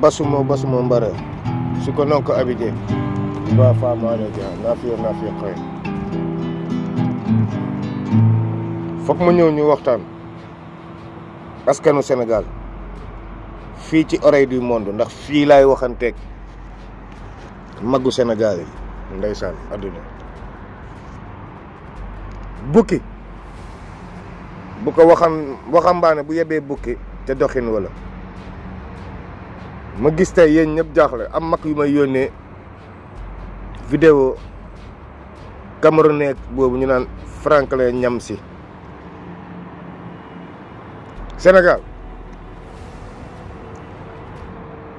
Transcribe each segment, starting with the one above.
basuma basuma mbare suko non ko abide ba la ja na fi koy fokk mo ñew ñu waxtaan askanu senegal fi ci oreille du monde ndax fi lay waxante magu senegal yi ndeysaan aduna buki bu ko waxam waxambaane bu yebee buki te doxine wala ma gis te yéen ñëpp jaaxle am mag yu may yónnee vidéo camerounais boobu ñu naan Franklin Nyamsi senegal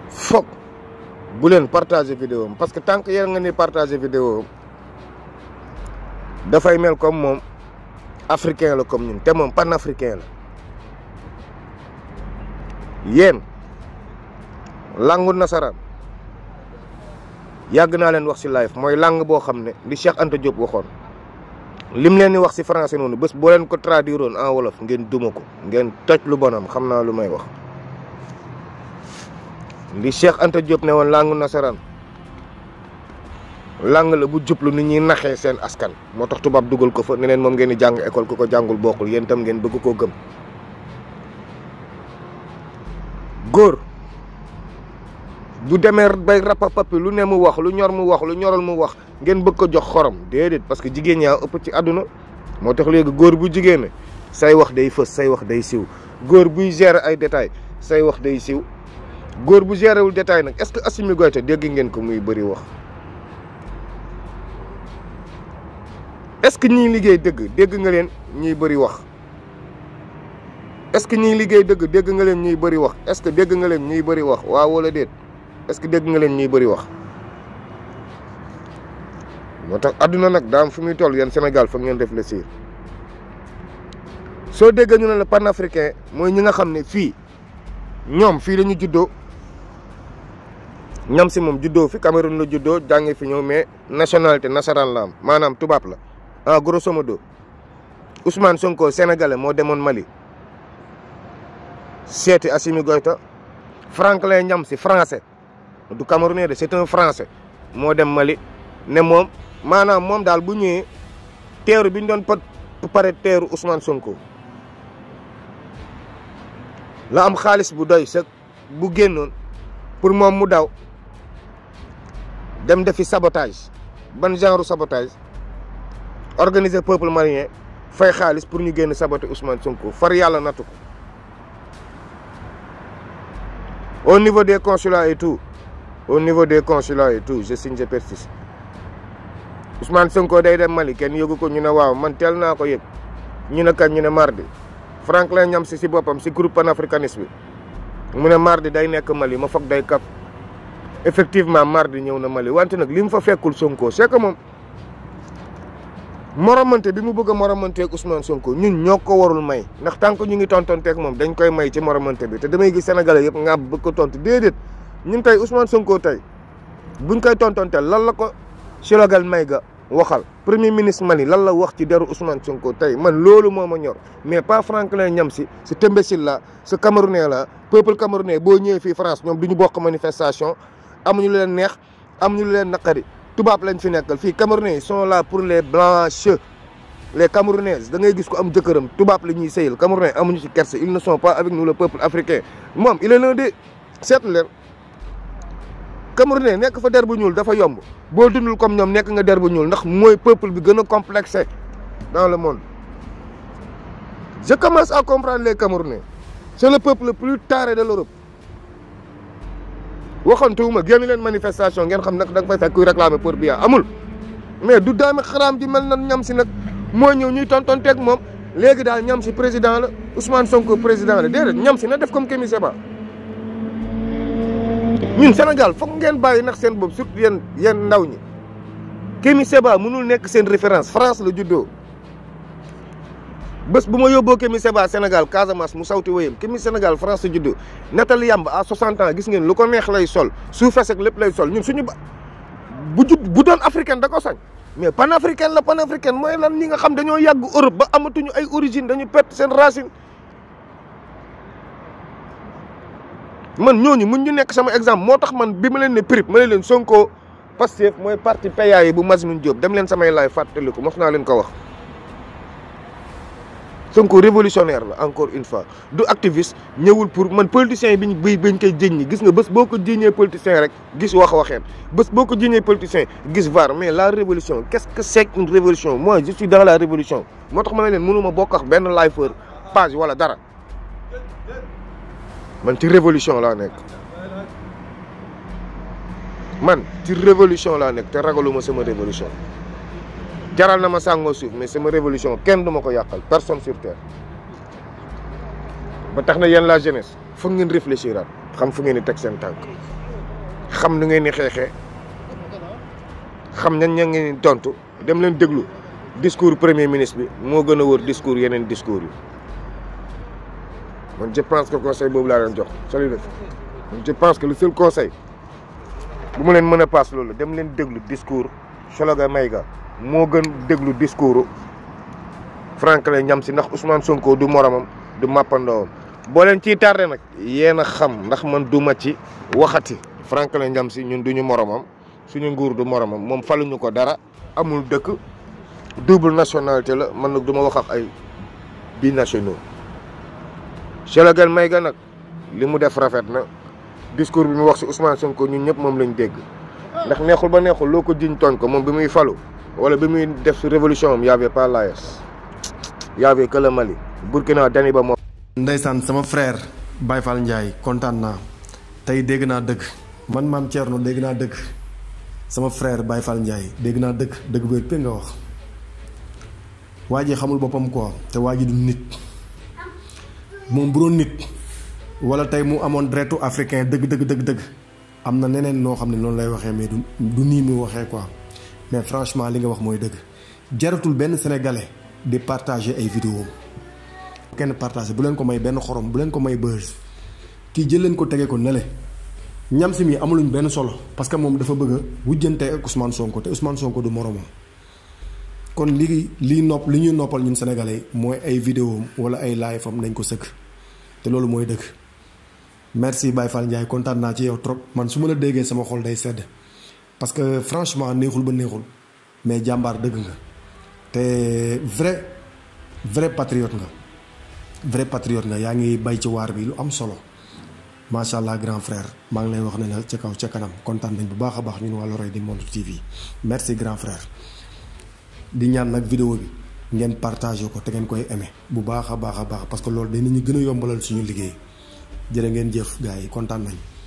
foog bu leen partager vidéo parce que tant que nga ni partager vidéo am dafay mel comme moom africain la comme ñun te moom panafricain la yéen langu nasaran yag na len wax ci live moy lang bo xamne li Cheikh Anta Diop waxon lim len ni wax ci français nonu bes bo len ko traduire en wolof ngeen duma ko ngeen toj lu bonam xamna lu may wax li Cheikh Anta Diop ne langu nasaran lang la bu jublu nit ñi naxé sen askan Motok tax tubaab dugal ko fa ne leen moom ngeen di jàng école ku ko jàngul Gur. tam ngeen bëgg ko gëm gor bu demee bay rapapapi lu ne mu wax lu ñor mu wax lu ñorul mu wax ngeen bëgg ko jox xorom déedéet parce que jigéen ñaa ëpp ci àdduna moo tax léegi góor bu jigéen say wax day fës say wax day siw góor buy gérer ay détails say wax day siw góor bu gérer wul détail nag est-ce que Assimi Goïta dégg ngeen ko muy bëri wax est-ce que ñiy liggéey dëgg dégg nga leen ñuy bëri wax est-ce que ñiy liggéey dëgg dégg nga leen ñuy bari wax est-ce que dégg nga leen ñuy bëri wax waaw wala déet est-ce deug nga len ñuy bëri wax motax aduna nak da am fu muy toll yeen Sénégal fa ngeen réfléchir so fi ñu la pan africain moy ñi nga fi ñom fi lañu si mom juddoo fi Cameroun la juddoo jangé fi ñëw mais nationalité nasaran la am maanaam la ah grosso modo Ousmane Sonko sénégalais mo démon Mali seeti Assimi goyta Franklin ñam si français du Camerounais c'est un Français moo dem Mali ne mom, maanaam mom dal bu ñëwee teeru bi ñu doon préparer teeru Ousmane Sonko la am xaalis bu doy sa bu génnoon pour mom mu daw dem defi sabotage ban genre sabotage organiser peuple malien fay xaalis pour ñu génn saboter Ousmane Sonko far yalla nattu au niveau des consulats et tout au niveau des consulats et tout je signe je persiste Ousmane Sonko day dem Mali ken yogu ko ñu ne waaw man teel naa ko yëg ñu ne kan ñu ne mardi Franklin ñam ci ci bopam ci groupe panafricanisme mu ne mardi day nek Mali ma fokk day kap effectivement mardi ñëw na Mali wante nak li fa fekkul Sonko c'est que mom moromante bi mu bëgg a ak Ousmane Sonko ñun ñoko warul may ndax tant ñu ngi ak mom dañ koy may ci moromante bi te damay gi Sénégalais yëpp nga bëgg ko tontu déedéet ñun tay Ousmane Sonko tay buñ koy tontonteel lan la ko Sénégal mayga waxal premier ministre Mali lan la wax ci deru Ousmane Sonko tay man lolu moma ñor mais pas Franklin Nyamsi si Tembesil la ce Camerounais la peuple camerounais bo ñëw fi France ñom duñu ñu bokk manifestation amuñu leen neex amuñu leen nakari tubab lañ fi nekkal fi Camerounais sont là pour les blanches les Camerounaises da ngay gis ko am jëkkëram tubaab la ñuy sëyal Camerounais amuñu ci kerse ils ne sont pas avec nous le peuple africain moom il est l'un des sept leen Camerounais nekk fa der bu ñuul dafa yomb boo dundul comme ñoom nekk nga der bu ñuul ndax mooy peuple bi gën a complexé dans le monde je commence à comprendre les Camerounais c'est le peuple le plus taré de l'Europe waxantuwuma génn leen manifestation ngeen xam nag da nga fay fekk kuy réclamer pour bien amul mais du daami xaraam ji mel na ñam si nag mooy ñëw ñuy tontonteeg moom léegi daal ñam si président la Ousmane Sonko président la déedéet ñam si na def comme Kémi Séba ñun Sénégal fokk ngeen bayyi nak sen bop surtout yeen yeen ndaw ñi Kémi Séba mënul nek seen référence France la juddo bés buma yobbo yóbboo Kémi Séba Sénégal Casamance mu sawti wéyam Kémi Sénégal France juddo natal Yamb à 60 ans gis ngeen lu ko neex lay sol su fessek lepp lay sol ñun suñu ba bu jub bu doon africain da ko sañ mais africain la africain moy lan ñi nga xam dañoo yàgg Europe ba amatuñu ay origine dañu pet seen racine man ñooñu mun ñu nekk sama exemple moo tax man bi ma leen ne prip ma ne leen Sonko Pastef mooy parti PA yi bu masmin Diop dem leen samay laay fàttaliku mos naa leen ko wax. Sonko révolutionnaire la encore une fois du activiste ñëwul pour man politicien biñ bi bañ koy jëññi gis nga bés boo ko jiiñee politicien rek gis wax waxeen bés boo ko jiiñee politicien gis var mais la révolution qu'est-ce que c'est une révolution moi je suis dans la révolution moo tax ma ne leen mënuma bokk ak benn lifer page wala dara man ci révolution une révolution. man révolution la nek té ragaluma sama révolution jaral na ma sango suuf mais sama révolution kenn ne ko personne sur terre ba taxna la jeunesse foog ngeen réfléchir aat xam fu ngeen di teg seen xam nu ngeen ni xexé xam ñan ña ngeen tontu dem leen discours premier ministre bi wër discours discours Moi, je pense que conseil est laa Salut. Moi, je pense que le seul conseil bu ma leen mën a paas loolu dem leen déglu discours Sologa Mayga moo gën le discours Franklin ñam si ndax Ousmane Sonko du moromam du màppandoowam boo leen ciy vous nag yéen a xam ndax man du ma ci waxati Franklin ñam si ñun duñu moromam suñu nguur du moromam moom faluñu ko dara amul dëkk double nationalité la man nag du ma wax ak ay binationaux may Maïga nag li mu def rafet na discours bi mu wax si Ousmane Sonko ñun ñëpp moom lañu dégg ndax neexul ba neexul loo ko jiñ tooñ ko moom bi muy falu wala bi muy def si révolution am y avait pas l'AES y avait dani ba moom. Ndeysaan sama frair Baye Fall Ndiaye kontaan naa tey dégg naa dëkk man maam Thierno dégg naa dëgg sama frair Baye Fall Ndiaye dégg naa dëkk dëgg bu wér nga wax waa ji xamul boppam quoi te waa ji du nit. mom bu doon nit wala tay mu amone dretu africain deug deug deug deug amna na neneen noo xam non lay waxe mais du ni mi waxe quoi mais franchement li nga wax moy deug jaratul ben sénégalais di partager ay vidéo kenn partager bu len ko may ben xorom bu len ko may buzz ki jël len ko tégué ko nalé ñam simi mi amuluñ ben solo parce que mom dafa bëgg a ak Ousmane Sonko té Ousmane Sonko du moromam kon li li nopp li ñu noppal ñun sénégalais moy ay vidéo wala ay live am nañ ko sëkk te loolu mooy dëgg merci Baye Fall Ndiaye kontaan naa ci yow trop man su ma la déggee sama xol day sedd parce que franchement neexul ba neexul mais jàmbaar dëgg nga te vrai vrai patriote nga vrai patriote nga yaa ngi bay ci waar bi lu am solo masha allah grand frère maa ngi lay wax ne la ca kaw ca kanam kontaan nañ bu baax a ñun waa loray di Monde TV merci grand frère di ñaan nag vidéo bi ngeen partagé ko te ngeen koy aimé bu baax a baax a baax parce que loolu dinañu gën a yombalal suñu liggéey jërë ngeen jëf gars yi kontaan nañ